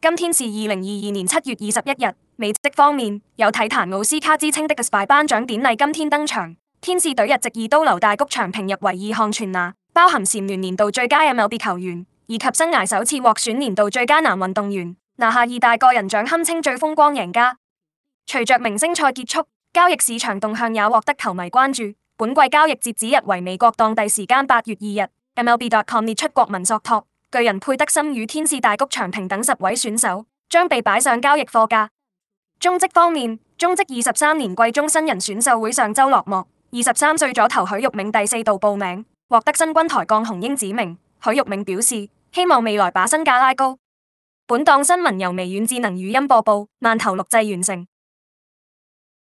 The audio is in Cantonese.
今天是二零二二年七月二十一日。美職方面，有體壇奧斯卡之稱的 ESPY 頒獎典禮今天登場。天使隊日籍二刀流大谷翔平入圍二項全拿，包含蟬聯年度最佳 MLB 球員，以及生涯首次獲選年度最佳男運動員，拿下二大個人獎，堪稱最風光贏家。隨着明星賽結束，交易市場動向也獲得球迷關注。本季交易截止日為美國當地時間八月二日。MLB.com 列出國民索托。巨人佩德森與天使大谷長平等十位選手將被擺上交易貨架。中職方面，中職二十三年季中新人選秀會上周落幕，二十三歲左投許玉明第四度報名，獲得新軍台鋼紅鷹指名。許玉明表示，希望未來把身價拉高。本檔新聞由微軟智能語音播報，慢頭錄製完成。